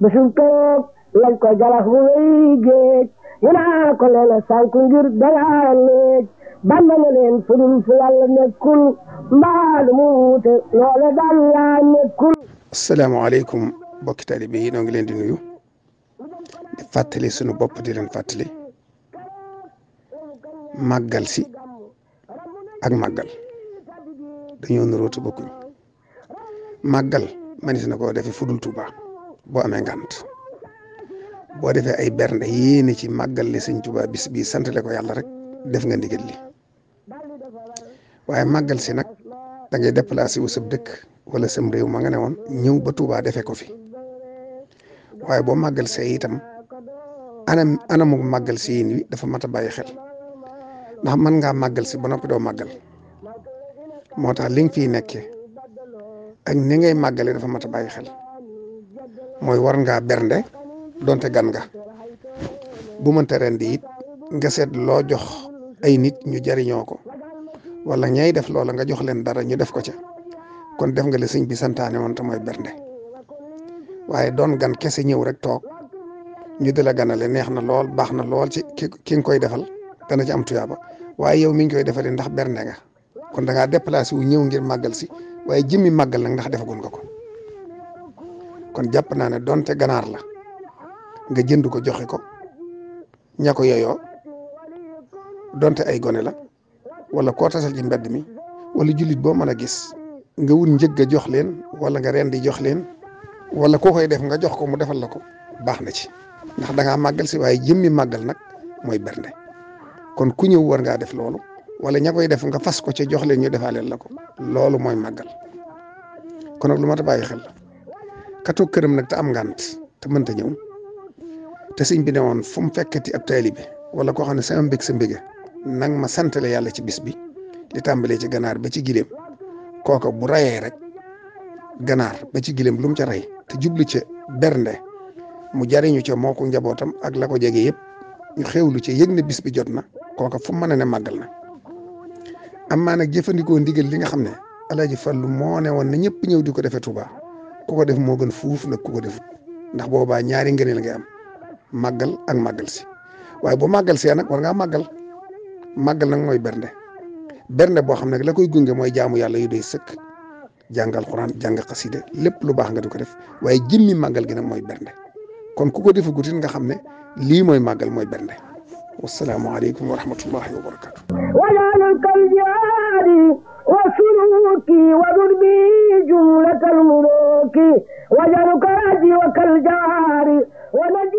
bésub keroog lañ ko jalax bu wéy géej ñu naa ko leena sànku ngir dangaa néej bànna ne leen fudul fu yàlla nekkul mbaa du mu wute loole daal laa nekkul asalaamaaleykum mbokki taalibe noo ngi leen di nuyu di fàttali sunu bopp di leen fàttali màggal si ak màggal dañoo nuróotu bokkuñ màggal manis na ko defe fudul Tuuba boo amee ngant boo defee ay bernde yéene ci màggal li sëñ Tuubaa bis bii santale ko yàlla rek def nga ndigal li waaye màggal si nag da ngay sa dëkk wala sam réew ma nga ne woon ñëw ba Tuubaa defee ko fi waaye boo màggal see itam anam anamu màggal si yéen wi dafa mat a bàyyi xel ndax mën ngaa màggal si ba noppi doo màggal moo tax li nga fiy nekkee ak ni ngay màggale dafa mat a bàyyi xel. mooy war ngaa bernde donte gan nga bu mënta ren di it nga seet loo jox ay nit ñu jariñoo ko wala ñay def loola nga jox leen dara ñu def ko ca kon def nga le sëñ bi santaane woon te mooy bernde waaye doon gan kese ñëw rek toog ñu di la ganale neex na lool baax na lool ci ki ki nga koy defal dana ci am tuyaaba waaye yow mi ngi koy defalee ndax bernde nga kon da ngaa déplacé wu ñëw ngir màggal si waaye jëmmi màggal nag ndax defagun nga ko. kon japp na ne donte ganar la nga jënd ko joxe ko ñako yoyo donte ay gone la wala ko tassal ci mbedd mi wala julit bo meuna gis nga wun njëgg ga jox leen wala nga ren di jox leen wala ko koy def nga jox ko mu defal lako ci ndax da nga magal ci waye jëmmi magal nak moy bernde kon ku ñew war nga def lolu wala ñakoy def nga fas ko ci jox leen ñu defaaleel lako lolu moy magal kon luma ta xel kato kerem këram nag te am ngànt te mënta ñëw te sëñ bi ne fu mu fekkati ab taalibe wala ko xam sama mbég sa mbége nang ma santale yàlla ci bis bi li tàmbalee ci ganaar ba ci gilem kooka bu rayee rek ganaar ba ci gilem lu mu ca rey te jublu ca bernde mu jariñu ca moo ko njabootam ak la ko jege yépp ñu xewlu ca yëg ne bis bi jot na kooka fu mën a ne màggal na am maa nag ndigal li nga xam ne alaaji Fallu moo ne woon ñëpp ñëw di ko ku ko def moo gën fuuf nag ku ko defut ndax boobaa ñaari ngëneel ngay am màggal ak màggal si waaye bu màggal see nag war nga màggal màggal nag mooy bernde bernde boo xam ne la koy gunge mooy jaamu yàlla yu doy sëkk jàngal xuraan jàng xasida lépp lu baax nga di ko def waaye jëmmi màggal gi nag mooy bernde kon ku ko defu gutit nga xam ne lii mooy màggal mooy bernde wasalaamualeykum wa rahmatullahi wa barakatu وجهك وكالجار ونجي